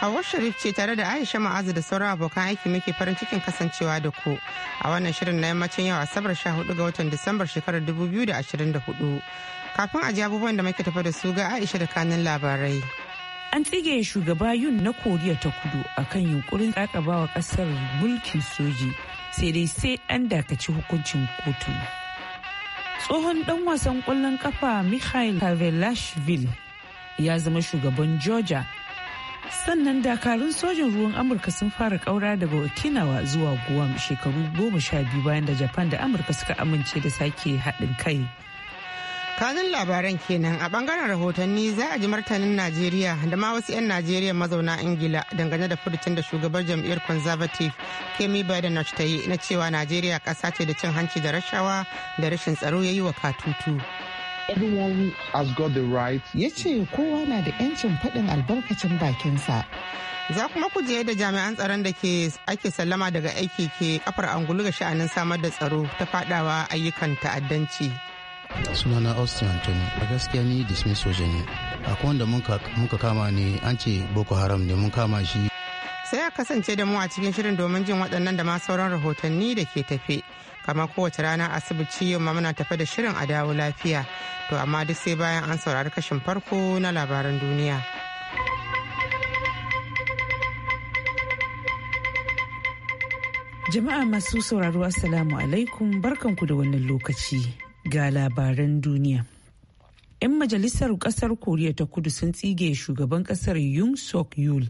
Hauwa Sharif ce tare da Aisha Ma'azu da sauran abokan aiki muke farin cikin kasancewa da ku a wannan shirin na yammacin yau Asabar 14 ga watan Disambar shekarar da da ashirin hudu Kafin a ji abubuwan da muke tafa da su ga Aisha da kanin labarai. An tsige shugaba Yun na Koriya ta Kudu akan yunkurin kakabawa kasar mulki soji sai dai sai an dakaci hukuncin kotu. Tsohon dan wasan kwallon kafa Mikhail Kavelashvili ya zama shugaban Georgia sannan dakarun sojin ruwan amurka sun fara kaura daga burkinawa zuwa guam shekaru goma sha biyu bayan da japan da amurka suka amince da sake haɗin kai kanun labaran kenan a bangaren rahotanni za a ji martanin najeriya da ma wasu 'yan najeriya mazauna ingila dangane da furucin da shugabar jam'iyyar conservative kemi biden ta yi na cewa najeriya ƙasa ce da cin hanci da rashawa da rashin tsaro ya yi wa katutu Everyone Ya ce kowa na da 'yancin faɗin albarkacin bakinsa. Za kuma ku je da jami'an tsaron da ke ake sallama daga aiki ke kafar angulu ga sha'anin samar da tsaro ta fadawa ayyukan ta'addanci. Sunana Austin Anthony, a gaskiya ni dismiss soja ne. Akwai wanda muka kama ne an ce Boko Haram ne mun kama shi sai a kasance da mu a cikin shirin domin jin waɗannan da ma sauran rahotanni da ke tafe kamar kowace rana asibiti yau ma muna tafe da shirin a dawo lafiya to amma duk sai bayan an saurari kashin farko na labaran duniya jama'a masu sauraro assalamu alaikum barkanku da wannan lokaci ga labaran duniya 'yan majalisar kasar koriya ta kudu sun tsige shugaban kasar yun sok yul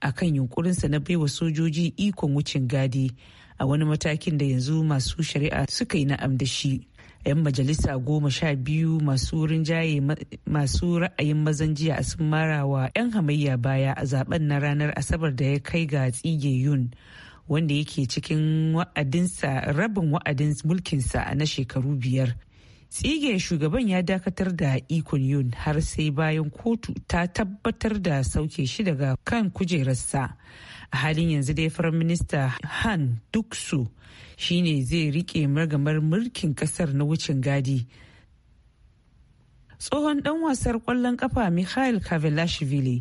a kan yunkurinsa na baiwa sojoji ikon wucin gadi a wani matakin da yanzu masu shari'a suka yi na'am da shi. 'yan majalisa goma sha biyu masu rinjaye masu ra'ayin mazan jiya sun mara wa 'yan hamayya baya a zaben na ranar asabar da ya kai ga tsige yun wanda yake cikin wa'adinsa rabin wa'adin mulkinsa na shekaru biyar tsige shugaban ya dakatar da ikon yun har sai bayan kotu ta tabbatar da sauke shi daga kan kujerarsa a halin yanzu dai firan minista han duksu shine zai rike margamar mulkin kasar na wucin gadi tsohon dan wasar kwallon kafa mikhail kavilashvili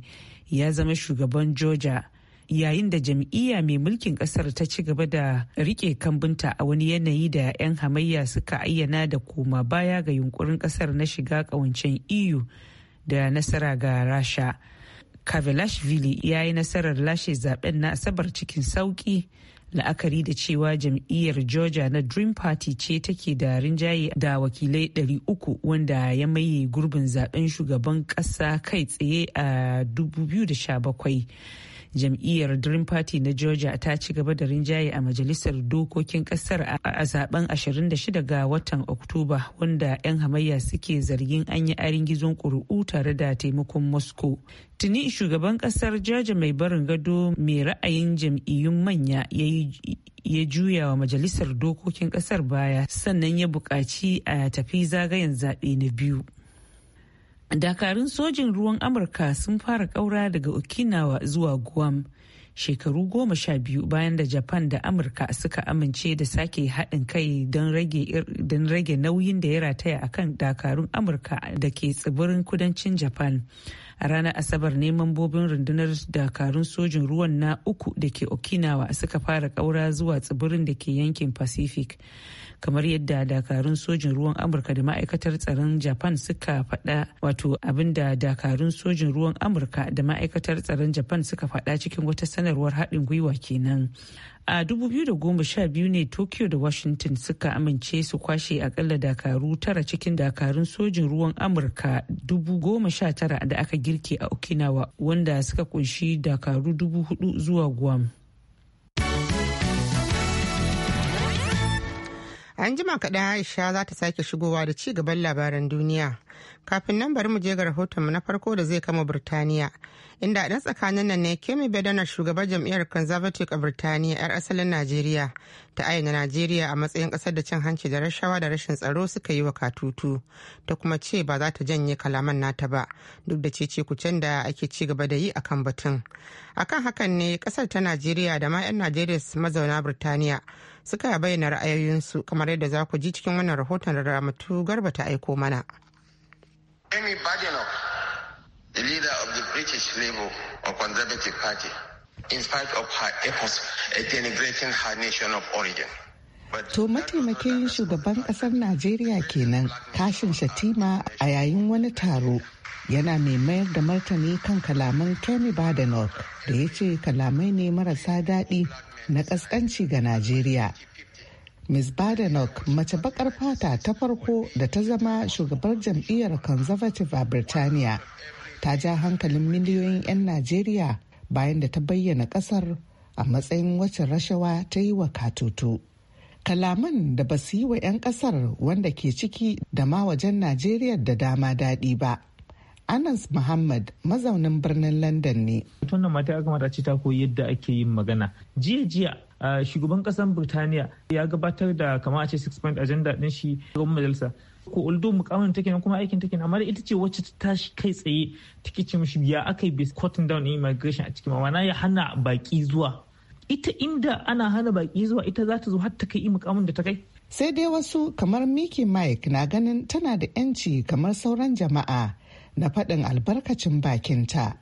ya zama shugaban georgia yayin da jam'iyya mai mulkin kasar ta ci gaba da rike kambunta a wani yanayi da 'yan hamayya suka ayyana da koma baya ga yunkurin kasar na shiga kawancen eu da nasara ga rasha kavilashvili ya yi nasarar lashe zaben na asabar cikin sauki la'akari da cewa jam'iyyar georgia na dream party ce take da rinjaye da wakilai 300 wanda ya maye gurbin zaben shugaban kasa kai tsaye a 2017 jam'iyyar dream party na georgia ta ci gaba da rinjaye a majalisar dokokin kasar a zaben 26 ga watan oktoba wanda 'yan hamayya suke zargin an yi arin gizon ƙuri'u tare da taimakon moscow tuni shugaban kasar georgia mai barin gado mai ra'ayin jam'iyyun manya ya juya wa majalisar dokokin kasar baya sannan ya buƙaci a tafi zagayen zaɓe na biyu dakarun sojin ruwan amurka sun fara kaura daga okinawa zuwa guam shekaru goma sha biyu bayan da japan da amurka suka amince da sake haɗin kai don rage nauyin da ya rataya a kan dakarun amurka da ke tsibirin kudancin japan a ranar asabar ne mambobin rundunar dakarun sojin ruwan na uku da ke okinawa suka fara kaura zuwa tsibirin da ke yankin pacific kamar yadda dakarun sojin ruwan amurka da ma'aikatar tsaron japan suka faɗa wato abin dakarun sojin ruwan amurka da ma'aikatar tsaron japan suka faɗa cikin wata sanarwar haɗin gwiwa kenan a 2012 ne tokyo da washington suka amince su kwashe akalla dakaru tara cikin dakarun sojin ruwan amurka tara da aka girke a okinawa wanda suka kunshi dakaru 4,000 zuwa guam An jima kaɗan Aisha za ta sake shigowa da ci gaban labaran duniya. Kafin nan bari mu je ga rahotonmu na farko da zai kama Birtaniya. Inda a tsakanin nan ne Kemi Bedana shugaban jam'iyyar Conservative a Birtaniya 'yar asalin Najeriya ta ayyana Najeriya a matsayin ƙasar da cin hanci da rashawa da rashin tsaro suka yi wa katutu ta kuma ce ba za ta janye kalaman nata ba duk da cece kucen da ake ci gaba da yi akan batun. Akan hakan ne ƙasar ta Najeriya da ma 'yan Najeriya mazauna Birtaniya suka bayyana ra'ayoyinsu kamar yadda za ku ji cikin wannan rahoton da ramatu garba ta aiko mana. Amy Badenoch, the leader of the British Labour or Conservative Party, in spite of her efforts at denigrating her nation of origin. To mataimakin shugaban kasar Najeriya kenan kashin shatima a yayin wani taro yana mai mayar da martani kan kalaman Kemi Badenoch da ya ce kalamai ne marasa daɗi na ƙasƙanci ga Najeriya. Ms. Badenoch mace bakar fata ta farko da ta zama shugabar jam'iyyar Conservative a Birtaniya ta ja hankalin miliyoyin 'yan Najeriya bayan da ta bayyana ƙasar a matsayin wacce rashawa ta yi wa katutu. kalaman da ba su yi wa 'yan kasar wanda ke ciki da ma wajen najeriya da dama daɗi ba anas muhammad mazaunin birnin london ne tunan mata ya ce ta koyi yadda ake yin magana jiya jiya shugaban kasar birtaniya ya gabatar da kama a ce six point agenda din shi ga majalisa ko uldo mukamin take kuma aikin take amma ita ce wacce ta tashi kai tsaye take ce mishi ya aka yi cotton down immigration a cikin ma'ana ya hana baki zuwa ita inda ana hana baki zuwa ita za ta zo har ta kai mukamin da ta kai sai dai wasu kamar mickey mike na ganin tana da yanci kamar sauran jama'a na faɗin albarkacin bakinta.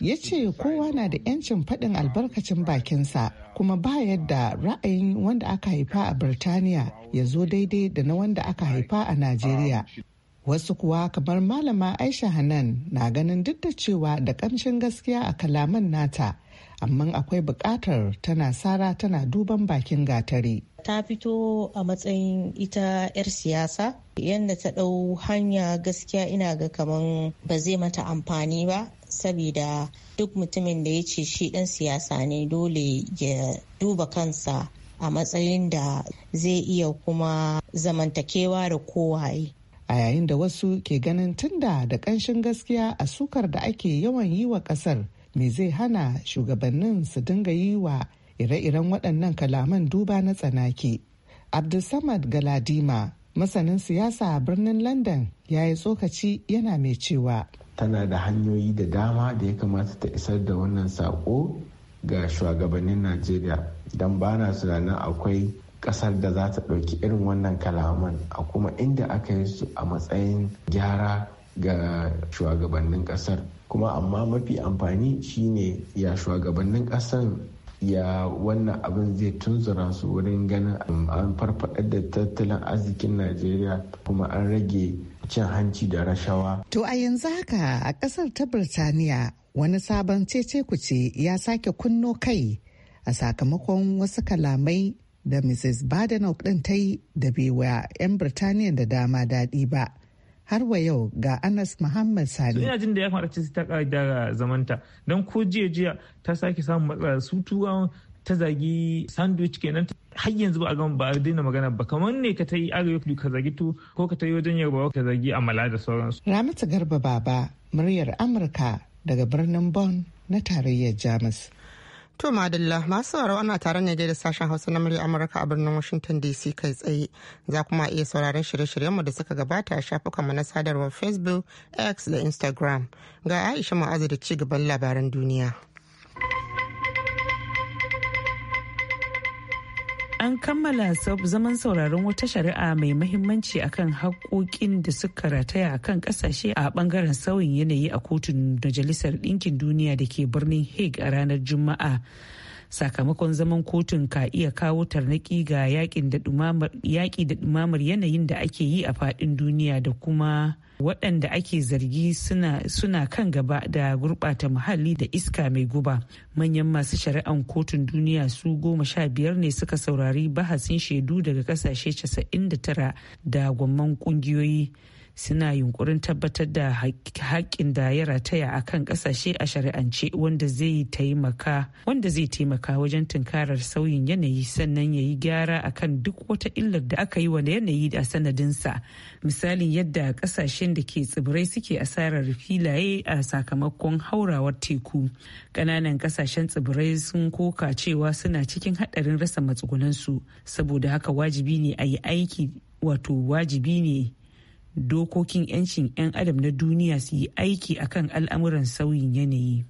Ya ce kowa na da 'yancin faɗin albarkacin bakinsa kuma ba yadda ra'ayin wanda aka haifa a Birtaniya ya zo daidai da na wanda aka haifa a Najeriya. Um, wasu kuwa kamar Malama Aisha Hanan na ganin duk da cewa da ƙamshin gaskiya a kalaman nata amma akwai bukatar tana sara tana duban bakin gatari. ta fito a matsayin ita 'yar siyasa yadda ta ɗau hanya gaskiya ina ga kamar ba zai mata amfani ba saboda duk mutumin da ya ce shi ɗan siyasa ne dole ya duba kansa a matsayin da zai iya kuma zamantakewa da kowaye a yayin da wasu ke ganin tunda da ƙanshin gaskiya a sukar da ake yawan yi wa ƙasar me zai hana shugabannin su dinga yi wa ire-iren waɗannan kalaman duba na tsanaki. Abdulsamad Galadima, masanin siyasa a birnin London, ya yi tsokaci yana mai cewa. Tana da hanyoyi da dama da ya kamata ta isar da wannan saƙo ga shugabannin Najeriya, don ba na tunanin akwai ƙasar da za ta ɗauki irin wannan kalaman a kuma inda aka yi su a matsayin gyara ga shugabannin ƙasar. kuma amma mafi amfani shine ya shugabannin kasan ya wannan abin zai tunzura su wurin ganin an farfaɗar da tattalin arzikin najeriya kuma an rage cin hanci da rashawa. To a yanzu haka a ƙasar ta Birtaniya wani sabon cece kuce ya sake kunno kai a sakamakon wasu kalamai da Mrs. Badenoch ɗin ta yi da bai 'yan Birtaniya da dama daɗi ba. har wa yau ga anas muhammad sani ina jin da ya kamata ce ta ƙara zamanta don ko jiya jiya ta sake samun matsala su tuwa ta zagi sandwich kenan har yanzu ba a gama ba a daina magana ba kamar ne ka ta yi arewa ka zagi tu ko ka ta yi wajen yarbawa ka zagi amala da sauransu. ramatu garba baba muryar amurka daga birnin Bon na tarayyar jamus To Madalla masu sauraro ana tare ne da sashen Hausa na murya Amurka a birnin Washington DC kai tsaye. Za kuma iya sauraron shirye-shiryenmu da suka gabata a shafukanmu na sadarwar Facebook, X da Instagram. Ga Aisha Ma'azu da ci gaban labaran duniya. an kammala zaman sauraron wata shari'a mai mahimmanci akan haƙoƙin da suka rataya akan ƙasashe a ɓangaren sauyin yanayi a kotun majalisar ɗinkin duniya da ke birnin hague a ranar juma'a sakamakon zaman kotun ka iya kawo tarnaki ga yaƙi da ɗumamar yanayin da ake yi a faɗin duniya da kuma waɗanda ake zargi suna kan gaba da gurɓata muhalli da iska mai guba manyan masu shari'an kotun duniya su goma sha biyar ne suka saurari bahasin shaidu daga ƙasashe 99 da gwamman ƙungiyoyi suna yunkurin tabbatar da haƙƙin da ya rataya a kan ƙasashe a shari'ance wanda zai taimaka wanda zai taimaka wajen tunkarar sauyin yanayi sannan ya yi gyara a kan duk wata illar da aka yi wa yanayi a sanadinsa misalin yadda ƙasashen da ke tsibirai suke asarar filaye a sakamakon haurawar teku ƙananan ƙasashen tsibirai sun koka cewa suna cikin haɗarin rasa matsugunansu saboda haka wajibi ne a yi aiki wato wajibi ne dokokin 'yancin 'yan adam na duniya su yi aiki akan al'amuran sauyin yanayi.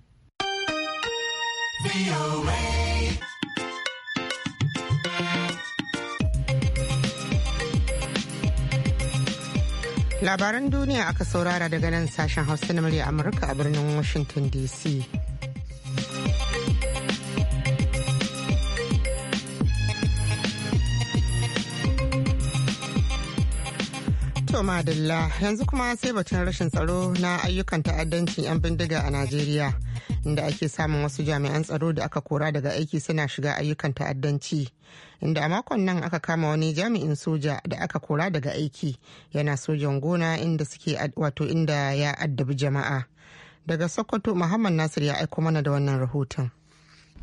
Labaran duniya aka saurara daga nan sashen Hausa na murya Amurka a birnin Washington DC. To madalla yanzu kuma sai batun rashin tsaro na ayyukan ta'addancin 'yan bindiga a Najeriya inda ake samun wasu jami'an tsaro da aka kora daga aiki suna shiga ayyukan ta'addanci inda a makon nan aka kama wani jami'in soja da aka kora daga aiki yana sojan gona inda suke wato inda ya addabi jama'a daga Sokoto Muhammad Nasir ya aiko mana da wannan rahoton.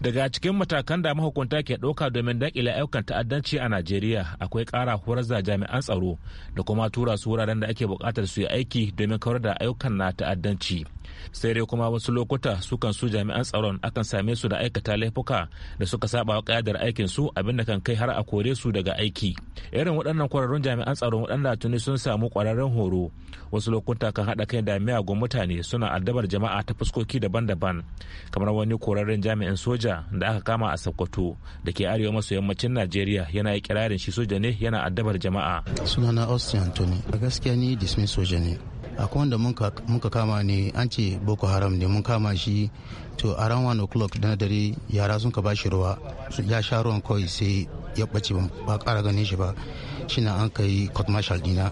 daga cikin matakan da mahukunta ke ɗauka domin daƙile ayyukan ta'addanci a najeriya akwai ƙara horar da jami'an tsaro da kuma tura su wuraren da ake buƙatar su yi aiki domin kawar da ayyukan na ta'addanci sai dai kuma wasu lokuta sukan su jami'an tsaron akan same su da aikata laifuka da suka saba wa kayadar aikin su da kan kai har a kore su daga aiki irin waɗannan kwararrun jami'an tsaron waɗanda tuni sun samu kwararren horo wasu lokuta kan haɗa kai da miyagun mutane suna addabar jama'a ta fuskoki daban-daban kamar wani kwararren jami'in soja da aka kama a sokoto da ke arewa maso yammacin najeriya yana yi kirarin shi soja ne yana addabar jama'a sunana austin anthony a gaskiya ni dismiss soja ne akwai wanda muka kama ne an ce boko haram ne mun kama shi to a ran 1 o'clock na dare yara sun ka bashi ruwa ya sha ruwan kawai sai ya ɓace ba ƙara ganin shi ba shi na an kai court martial dina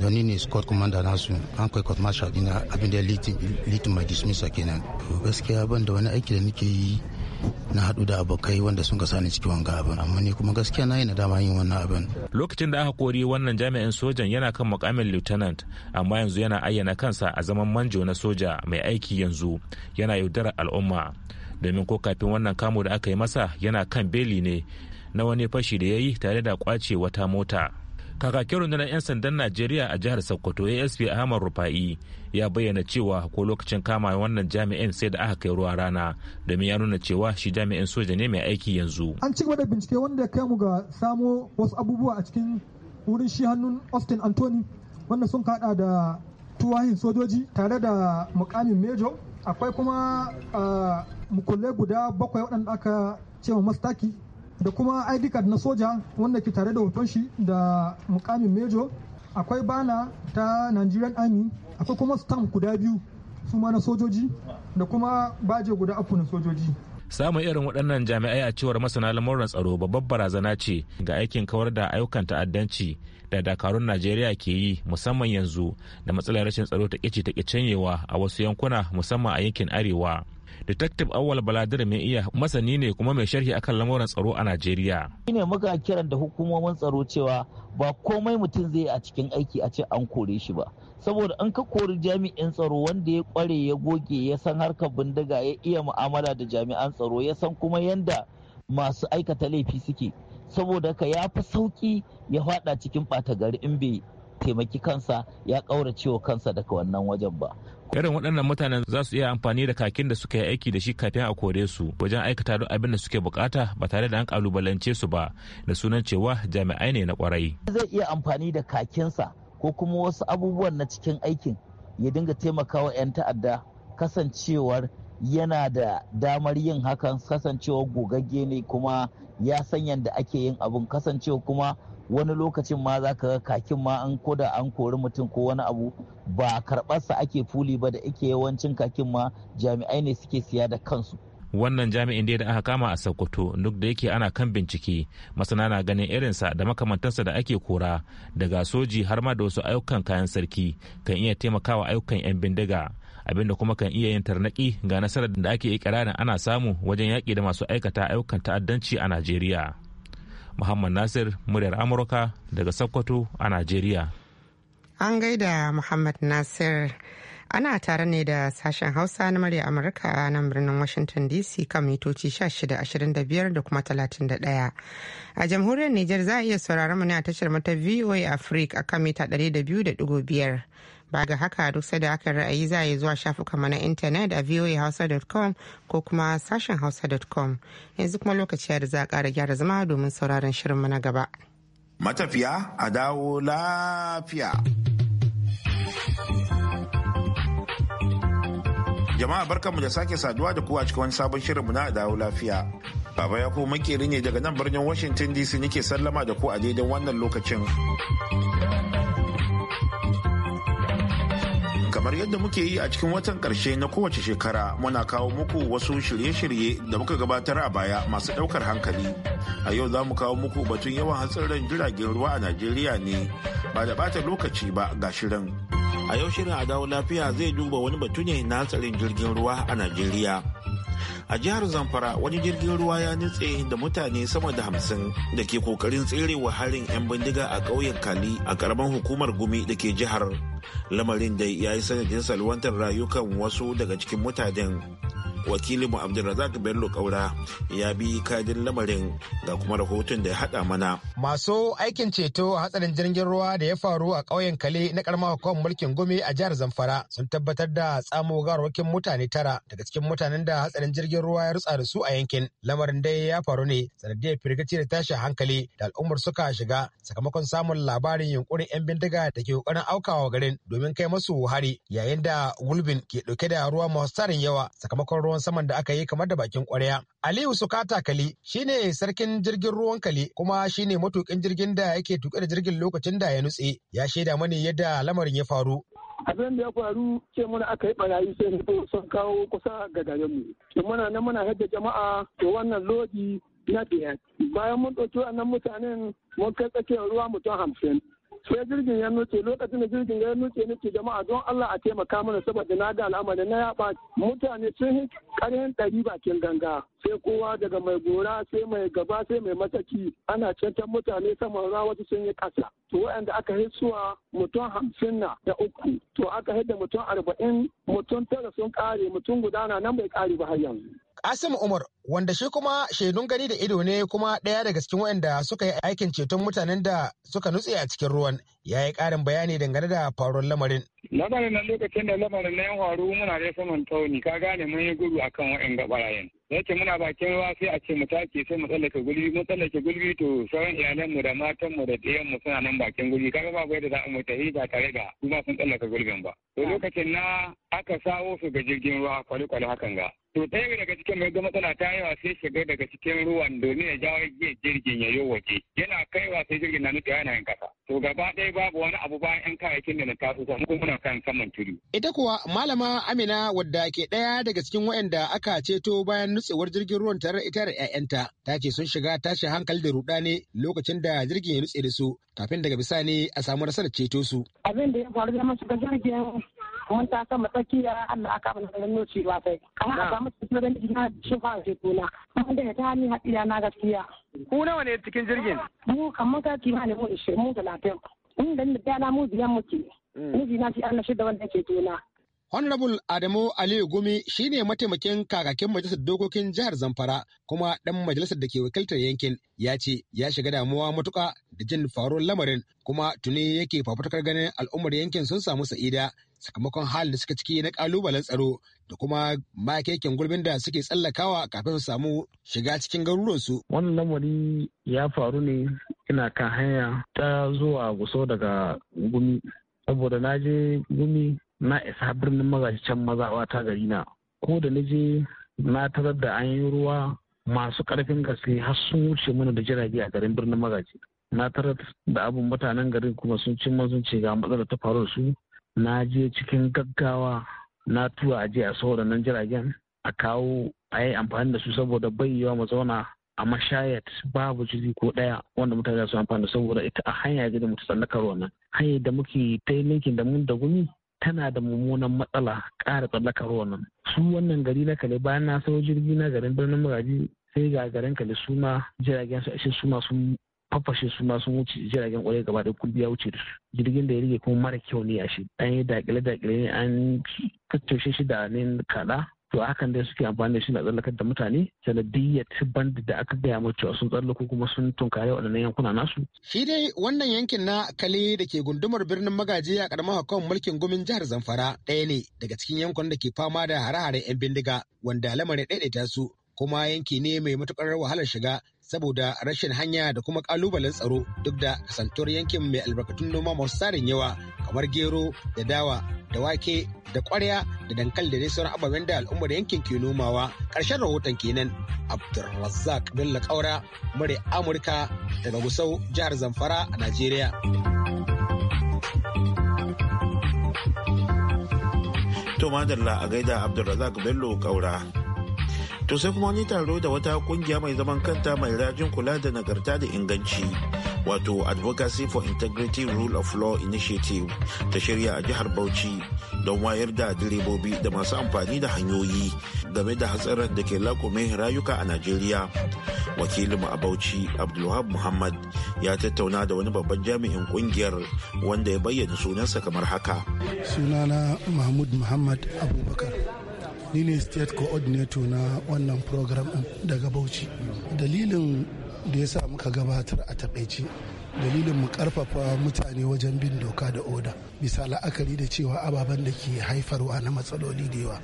da ni ne scott commander nasu an kai court martial dina abin da litin mai dismissal kenan gaskiya ban da wani aiki da nake yi na haɗu da abokai wanda sun kasa ni cikin wanga abin amma ni kuma gaskiya na yi dama yin wannan abin. lokacin da aka kori wannan jami'in sojan yana kan mukamin lieutenant amma yanzu yana ayyana kansa a zaman manjo na soja mai aiki yanzu yana yaudarar al'umma domin ko kafin wannan kamo da aka yi masa yana kan beli ne na wani fashi da ya yi tare da kwace wata mota. kakakin rundunar 'yan sandan najeriya a jihar sokoto asp ahmad rufa'i ya bayyana cewa ko lokacin kama wannan jami'in sai da aka kai ruwa rana domin ya nuna cewa shi jami'in soja ne mai aiki yanzu an ci gaba da bincike wanda ya kai mu ga samo wasu abubuwa a cikin wurin shi hannun austin anthony wanda sun kada da tuwahin sojoji tare da mukamin mejo akwai kuma ah, mukulle guda bakwai waɗanda aka ce wa mastaki da kuma id card na soja wanda ke tare da hoton shi da mukamin mejo akwai bana ta nigerian army akwai kuma stamp guda biyu su ma na sojoji da kuma baje guda uku na sojoji samun irin waɗannan jami'ai a cewar masana lamuran tsaro babbar barazana ce ga aikin kawar da ayyukan ta'addanci da dakarun najeriya ke yi musamman yanzu da matsalar rashin tsaro ta ƙice ta a wasu yankuna musamman a yankin arewa detective awal baladir mai iya masani ne kuma mai sharhi akan lamuran tsaro a najeriya shine muka kiran da hukumomin tsaro cewa ba komai mutum zai a cikin aiki a ce an kore shi ba saboda an ka kori jami'in tsaro wanda ya kware ya goge ya san harkar bindiga ya iya mu'amala da jami'an tsaro ya san kuma yanda masu aikata laifi suke saboda ka ya fi sauki ya fada cikin bata gari in bai taimaki kansa ya ƙaurace wa kansa daga wannan wajen ba irin waɗannan mutanen za su iya amfani da kakin da suka yi aiki da shi kafin a kore su wajen aikata don abin da suke bukata ba tare da an kalubalance su ba da sunan cewa jami'ai ne na kwarai zai iya amfani da kakinsa ko kuma wasu abubuwan na cikin aikin ya dinga taimakawa 'yan ta'adda kasancewar yana da damar yin hakan kasancewar gogagge ne kuma ya san yadda ake yin abun kasancewa kuma wani lokacin ma za ka ga kakin ma an koda an kori mutum ko wani abu ba karɓarsa ake fuli ba da ake yawancin kakin ma jami'ai ne suke siya da kansu wannan jami'in dai da aka kama a sokoto duk da yake ana kan bincike masana na ganin irinsa da makamantansa da ake kora daga soji har ma da wasu ayyukan kayan sarki kan iya taimakawa ayyukan 'yan bindiga abinda kuma kan iya yin tarnaki ga nasarar da ake ikirarin ana samu wajen yaƙi da masu aikata ayyukan ta'addanci a najeriya Muhammad Nasir muryar Amurka daga Sokoto a Najeriya. An gaida Muhammad Nasir ana tare ne da sashen Hausa na murya Amurka a nan birnin Washington DC kan mitoci 1625 da kuma 31. A jamhuriyar Nijar za a iya sauraron mu ne a tashar mata VOA Africa a kan mita 200.5. ba ga haka duk da aka ra'ayi za yi zuwa shafukanmu na intanet a voahausa.com ko kuma sashen hausa.com yanzu kuma lokaci da za a ƙara gyara zama domin sauraron shirinmu na gaba. Matafiya a dawo lafiya. Jama'a barkanmu da sake saduwa da kowa cikin wani sabon shirinmu na dawo lafiya. Baba ya ko makeri ne daga nan birnin Washington DC nake sallama da ku a daidan wannan lokacin. kamar yadda muke yi a cikin watan karshe na kowace shekara muna kawo muku wasu shirye-shirye da muka gabatar a baya masu daukar hankali a yau za mu kawo muku batun yawan hatsarin jiragen ruwa a najeriya ne ba da bata lokaci ba ga shirin a yau shirin a dawo lafiya zai duba wani batu ne na hatsarin jirgin ruwa a najeriya a jihar zamfara wani jirgin ruwa ya nutse da mutane sama da hamsin da ke kokarin tserewa harin 'yan bindiga a ƙauyen kali a ƙaramin hukumar gumi da ke jihar lamarin da ya yi sanadin salwantar rayukan wasu daga cikin mutanen wakilinmu abdulrazak bello kaura ya bi kadin lamarin ga kuma rahoton da ya hada mana masu aikin ceto a hatsarin jirgin ruwa da ya faru a ƙauyen kale na karamar hukumar mulkin gumi a jihar zamfara sun tabbatar da tsamo garwakin mutane tara daga cikin mutanen da hatsarin jirgin ruwa ya rutsa da su a yankin lamarin dai ya faru ne sanadiyar firgici da tashi hankali da al'ummar suka shiga sakamakon samun labarin yunkurin 'yan bindiga da ke kokarin aukawa garin domin kai masu hari yayin da gulbin ke dauke da ruwa masu tarin yawa sakamakon ruwan ruwan saman da aka yi kamar da bakin kwarya. Aliyu Sukata Kali ne sarkin jirgin ruwan kale kuma shine matuƙin jirgin da yake tuƙe da jirgin lokacin da ya nutse. Ya shaida mani yadda lamarin ya faru. abin da ya faru ce mana aka yi barayi sai na sun kawo kusa ga garinmu mu. muna nan muna hadda jama'a da wannan lodi na biyar bayan mun ɗauki wannan mutanen mun kai tsakiyar ruwa mutum hamsin sai jirgin ya nuce lokacin da jirgin ya nuce nake jama'a don Allah a taimaka mana saboda na ga al'amarin na yaba mutane sun karin ɗari bakin ganga sai kowa daga mai gora sai mai gaba sai mai mataki ana cancan mutane saman rawa wasu sun yi ƙasa to waɗanda aka yi suwa mutum hamsin na da uku to aka yi da mutum arba'in mutum tara sun ƙare mutum guda na nan bai ƙare ba har yanzu. Kasim Umar wanda shi kuma shaidun gani da ido ne kuma ɗaya daga cikin waɗanda suka yi aikin ceton mutanen da suka nutse a cikin ruwan ya yi ƙarin bayani dangane da faruwar lamarin. Lamarin na lokacin da lamarin na yan faru muna da saman tauni ka gane mun yi gudu akan wa'in gabarayen. Yake muna bakin ruwa sai a ce mu take sai mu tsallake gulbi mu tsallake gulbi to sauran iyalan mu da matan mu da ɗayan mu suna nan bakin gulbi kaga ba bai da za mu tafi ba tare da kuma sun tsallaka gulbin ba. To lokacin na aka sawo su ga jirgin ruwa kwale-kwale hakan ga. to ɗaya daga cikin mai ga matsala ta yawa sai shiga daga cikin ruwan domin ya jawo yin jirgin ya yi waje yana kaiwa sai jirgin na nufi yana yin kasa to gaba ɗaya babu wani abu bayan yan kayayyakin da na taso sa kuma muna kan saman tudu. ita kuwa malama amina wadda ke ɗaya daga cikin waɗanda aka ceto bayan nutsewar jirgin ruwan tare ita da 'ya'yanta ta ce sun shiga tashin hankali da ruɗa lokacin da jirgin ya nutse da su kafin daga bisani a samu nasarar ceto su. abin da ya faru da masu jirgin mun ta sama tsakiya Allah aka mana da noci ba sai amma a samu cikin da ina shifa ke kula kuma da ta ni hadiya na gaskiya ku nawa ne cikin jirgin mu kamar ka kimanin mu 20 mu 30 mun da dana mu biyan muke miji mm. na an Allah da wanda ke tona Honorable Adamu Aliyu Gumi shine mataimakin kakakin majalisar dokokin jihar Zamfara kuma ɗan majalisar da ke wakiltar yankin ya ce ya shiga damuwa matuƙa da jin faruwar lamarin kuma tuni yake fafutukar ganin al'ummar yankin sun samu sa'ida sakamakon halin da suka ciki na kalubalen tsaro da kuma makekin gurbin da suke tsallakawa kafin su samu shiga cikin garuruwansu. Wannan lamari ya faru ne ina kan hanya ta zuwa guso daga gumi. Saboda na je gumi na isa birnin magaji can ta gari na. Ko da na je na tarar da an yi ruwa masu karfin gaske har sun wuce mana da jirage a garin birnin magaji. Na tarar da abin mutanen garin kuma sun cin sun ga matsalar ta faru da su na je cikin gaggawa na tura aje a saboda nan jiragen a kawo a yi amfani da su saboda bai yiwa mu zauna a mashayat babu jiri ko daya wanda mutane su amfani saboda ita a hanya gida mu tsanna karo nan hanya da muke ta linkin da mun da gumi tana da mummunan matsala ƙara tsallakar nan su wannan gari na kale bayan na sau jirgi na garin birnin magaji sai ga garin kale suma jiragen su ashe suma sun fafashe su ma sun wuce jiragen kwarai gaba da kulbi ya wuce da su jirgin da ya rige kuma mara kyau ne a shi an yi dakile dakile ne an tattaushe shi da ne kada to hakan dai suke amfani da shi na tsallakar da mutane sanadiyyar tibban da aka gaya mu cewa sun tsallako kuma sun tunkare waɗannan yankuna nasu. shi dai wannan yankin na kale da ke gundumar birnin magaji a karamar hakan mulkin gumin jihar zamfara ɗaya ne daga cikin yankunan da ke fama da hare-haren 'yan bindiga wanda lamarin ɗaiɗaita su kuma yanki ne mai matuƙar wahalar shiga saboda rashin hanya da kuma kalubalen tsaro duk da kasantuwar yankin mai albarkatun noma masu tsarin yawa kamar gero da dawa da wake da kwarya da dankali da dai sauran ababen da al'ummar yankin ke nomawa ƙarshen rahoton kenan abdulrazzaq bello kaura mure amurka daga gusau jihar zamfara a najeriya to madalla a gaida abdulrazak bello kaura to sai kuma wani taro da wata kungiya mai zaman kanta mai rajin kula da nagarta da inganci wato advocacy for integrity rule of law initiative ta shirya a jihar bauchi don wayar da direbobi da masu amfani da hanyoyi game da hatsarin da ke lakume rayuka a najeriya wakilin a bauchi abdulwahab muhammad ya tattauna da wani babban jami'in kungiyar wanda ya bayyana sunansa kamar haka sunana mahmud muhammad abubakar ni ne state coordinator na wannan program daga bauchi dalilin da ya sa muka gabatar a taɓaice dalilin mu karfafa mutane wajen bin doka da oda bisa la'akari da cewa ababen da ke haifarwa na matsaloli da yawa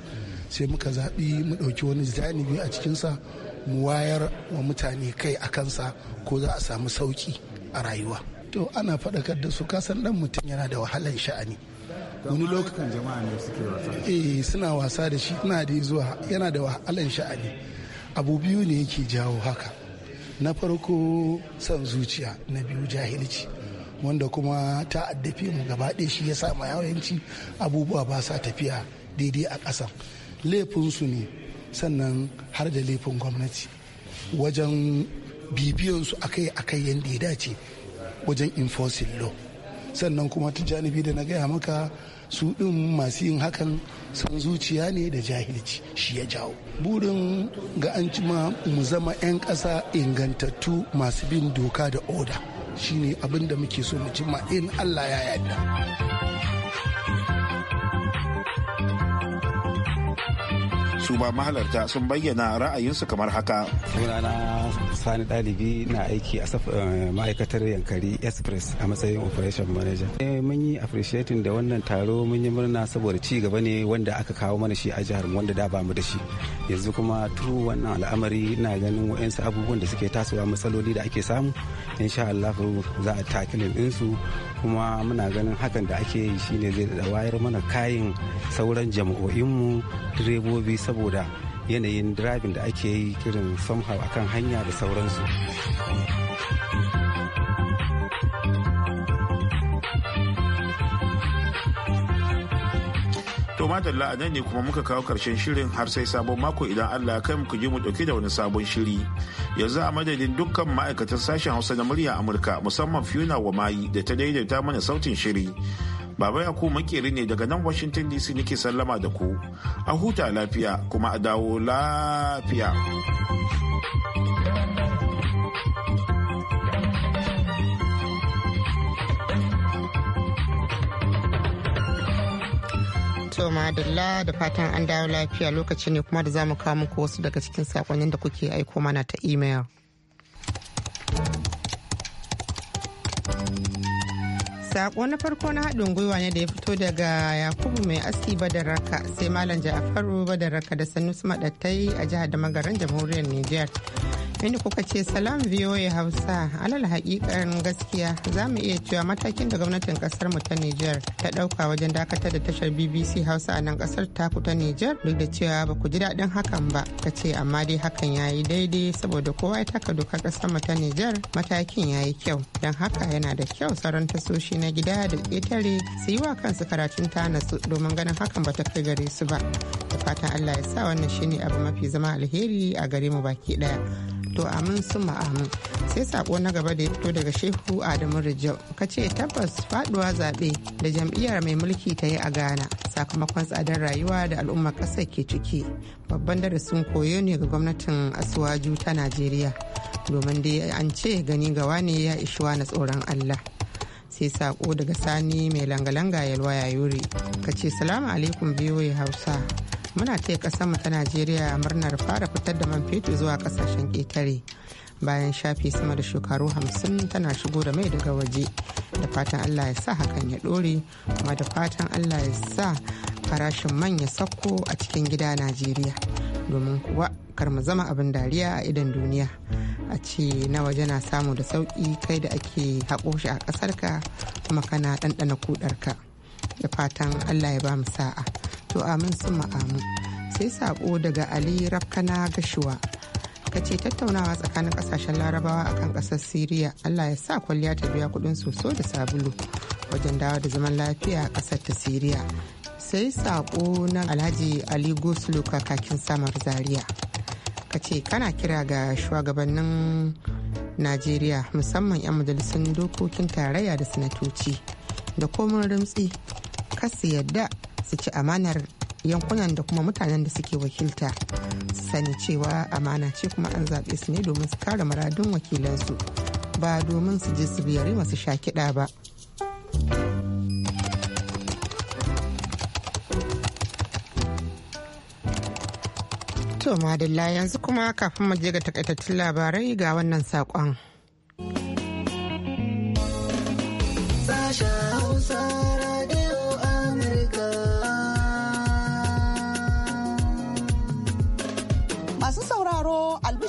sai muka zaɓi mu ɗauki wani zanibi a cikinsa mu wayar wa mutane kai a kansa ko za a samu sauƙi a rayuwa to ana faɗakar da su kasan ɗan mutum yana da wahalan sha'ani wani lokacin jama'a ne suke wasa eh suna wasa da shi ina da zuwa yana da wahalan sha'ani abu biyu ne yake jawo haka na farko san zuciya na biyu jahilci wanda kuma ta addafi mu gaba ɗaya shi ya sa ma yawanci abubuwa ba sa tafiya daidai a ƙasa laifinsu ne sannan har da laifin gwamnati wajen bibiyansu akai akai yadda ya dace wajen enforcing law sannan kuma ta janibi da na gaya maka su ɗin masu yin hakan san zuciya ne da jahilci shi ya jawo burin ga an cima mu zama 'yan ƙasa ingantattu masu bin doka da oda shine abin da muke so mu cimma in allah ya yadda su ma mahalarta sun bayyana ra'ayinsu kamar haka sunana sani ɗalibi na aiki a eh, ma'aikatar yankari express a matsayin operation manager eh, mun yi appreciating da wannan taro mun yi murna saboda ci gaba ne wanda aka kawo mana shi a jihar wanda da ba mu da shi yanzu kuma tu wannan al'amari na ganin wa'ansu abubuwan da suke tasowa matsaloli da ake samu insha Allah za a takilin ɗinsu kuma muna ganin hakan da ake yi shine zai da wayar mana kayan sauran jama'o'inmu direbobi saboda yanayin driving da ake yi irin somehow kan hanya da sauransu To madalla a nan ne kuma muka kawo karshen shirin har sai sabon mako idan Allah kai muku je mu dauke da wani sabon shiri. Yanzu a madadin dukkan ma'aikatan sashen Hausa na murya Amurka musamman Fiona wa Mayi da ta daidaita mana sautin shiri. Baba Yakubu makeri ne daga nan Washington DC nake sallama da ku. A huta lafiya kuma a dawo lafiya. To madalla da fatan an dawo lafiya lokaci ne kuma da za mu kawo muku wasu daga cikin sakonnin da kuke aiko mana ta imel. sako na farko na haɗin gwiwa ne da ya fito daga yakubu mai aski badaraka sai malam ja'afaru badaraka da sanusu maɗattai a jihar da magaran jamhuriyar niger inda kuka ce salam voa hausa alal hakikan gaskiya za mu iya cewa matakin da gwamnatin ƙasar mu ta nijar ta ɗauka wajen dakatar da tashar bbc hausa a nan kasar taku ta nijar duk da cewa ba ku ji daɗin hakan ba ka ce amma dai hakan ya yi daidai saboda kowa ya taka dokar kasar mu ta nijar matakin ya yi kyau don haka yana da kyau sauran tasoshi na gida da ƙetare su yi wa kansu karatun ta nasu domin ganin hakan ba ta kai gare su ba da fatan allah ya sa wannan shine abu mafi zama alheri a gare mu baki ɗaya to amin suma amin sai sako na gaba da ya fito daga shehu adamu rijau ka ce tabbas faduwa zaɓe da jam'iyyar mai mulki ta yi a ghana sakamakon tsadar rayuwa da al'ummar ƙasar ke ciki babban darasin koyo ne ga gwamnatin asuwaju ta najeriya domin dai an ce gani gawa ne ya ishiwa na tsoron allah sai sako daga sani mai langa-langa yalwa yayuri ka ce salamu alaikum biyoyi hausa muna taya kasar mu ta najeriya murnar fara fitar da man fetur zuwa kasashen ƙetare bayan shafe sama da shekaru hamsin tana shigo da mai daga waje da fatan allah ya sa hakan ya ɗore kuma da fatan allah ya sa farashin man ya sako a cikin gida najeriya domin kuwa kar mu zama abin dariya a idan duniya a ce na waje na samu da sauki kai da ake haƙo shi a ƙasarka kuma kana ɗanɗana kudarka da fatan allah ya ba mu sa'a to amin sun ma'amu sai sako daga ali rafkana gashuwa ka ce tattaunawa tsakanin kasashen larabawa akan kasar siriya allah ya sa kwalliya ta biya kudin soso da sabulu wajen dawo da zaman lafiya a kasar ta siriya sai sako na alhaji ali goslo kakakin samar zaria ka ce kana kira ga shugabannin najeriya musamman 'yan majalisun dokokin tarayya da sanatoci da komin rimtsi kasu yadda su ci amanar yankunan da kuma mutanen da suke wakilta sani cewa amana ce kuma an zaɓe su ne domin su kare muradun wakilansu ba domin su ji su biyari masu sha kiɗa ba to madalla yanzu kuma kafin mu je ga takaitattun labarai ga wannan saƙon.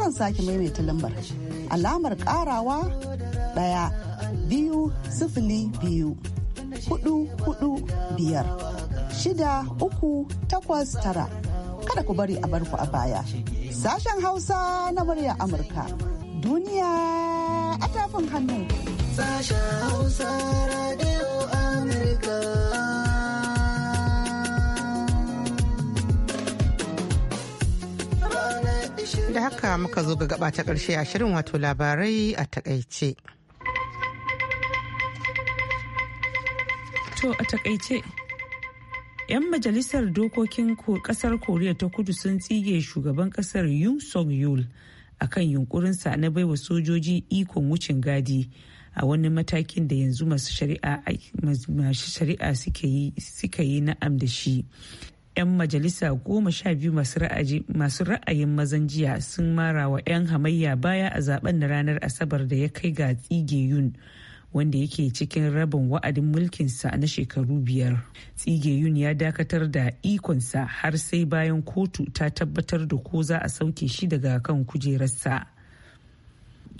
zan sake maimaita lambar alamar karawa ɗaya biyu sifili biyu hudu hudu biyar shida uku takwas tara kada ku bari a barku a baya sashen hausa na murya amurka duniya a tafin hannu sashen hausa radio haka muka zo ga gaba ta karshe a shirin wato labarai a takaice. To a takaice, 'yan majalisar dokokin kasar Koriya ta kudu sun tsige shugaban kasar yun Song Yul a kan yunkurinsa na baiwa sojoji ikon wucin gadi a wani matakin da yanzu masu shari'a suka yi na'am da shi. 'yan majalisa goma sha biyu masu ra'ayin mazan jiya sun mara wa 'yan hamayya baya a zaben na ranar asabar da ya kai ga tsige yun wanda yake cikin rabin wa'adin mulkinsa na shekaru biyar tsige yun ya dakatar da ikonsa har sai bayan kotu ta tabbatar da ko za a sauke shi daga kan kujerarsa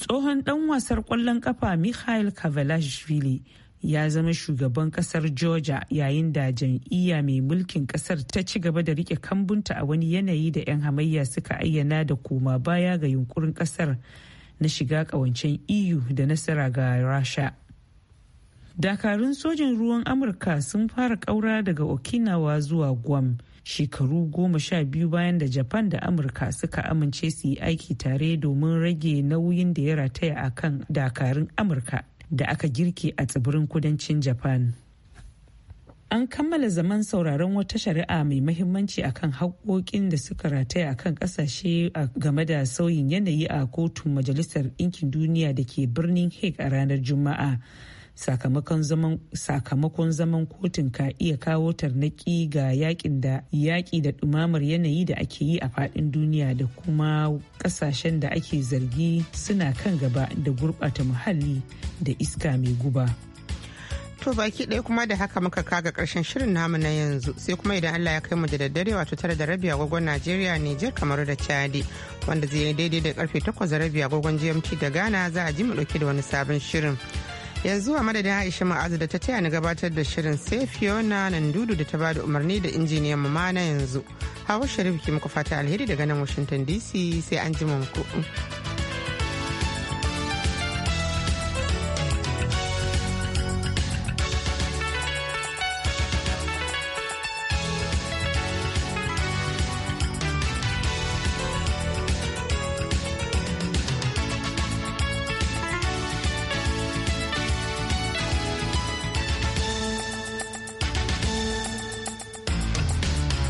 tsohon dan wasar kwallon kafa mikhail kavalashvili ya zama shugaban kasar georgia yayin da jam'iyya mai mulkin kasar ta ci gaba da rike kambunta a wani yanayi da 'yan hamayya suka ayyana da koma baya ga yunkurin kasar na shiga kawancen eu da nasara ga rasha dakarun sojin ruwan amurka sun fara kaura daga okinawa zuwa guam shekaru goma sha biyu bayan da japan da amurka suka amince su yi aiki tare domin rage nauyin da ya rataya a kan dakarun amurka da aka girke a tsibirin kudancin japan an kammala zaman sauraron wata shari'a mai mahimmanci akan haƙoƙin da suka rataya akan ƙasashe game da sauyin yanayi a kotun majalisar ɗinkin duniya da ke birnin hague a ranar juma'a sakamakon zaman kotun ka iya kawo tarnaki ga yakin da yaƙi da ɗumamar yanayi da ake yi a faɗin duniya da kuma ƙasashen da ake zargi suna kan gaba da gurɓata muhalli da iska mai guba. To baki ɗaya kuma da haka muka kaga ƙarshen shirin namu na yanzu sai kuma idan Allah ya kai mu da daddare wato tara da rabi agogon Najeriya Nijar kamar da Chadi wanda zai yi daidai da karfe takwas da rabi agogon GMT da Ghana za a ji mu ɗauki da wani sabon shirin. yanzu a madadin aisha ma'azu da ta taya ni gabatar da shirin sai fiona nan dudu da ta ba da umarni da injiniyan mu ma na yanzu hawa sharif ke muku fata alheri daga nan washington dc sai an ji muku.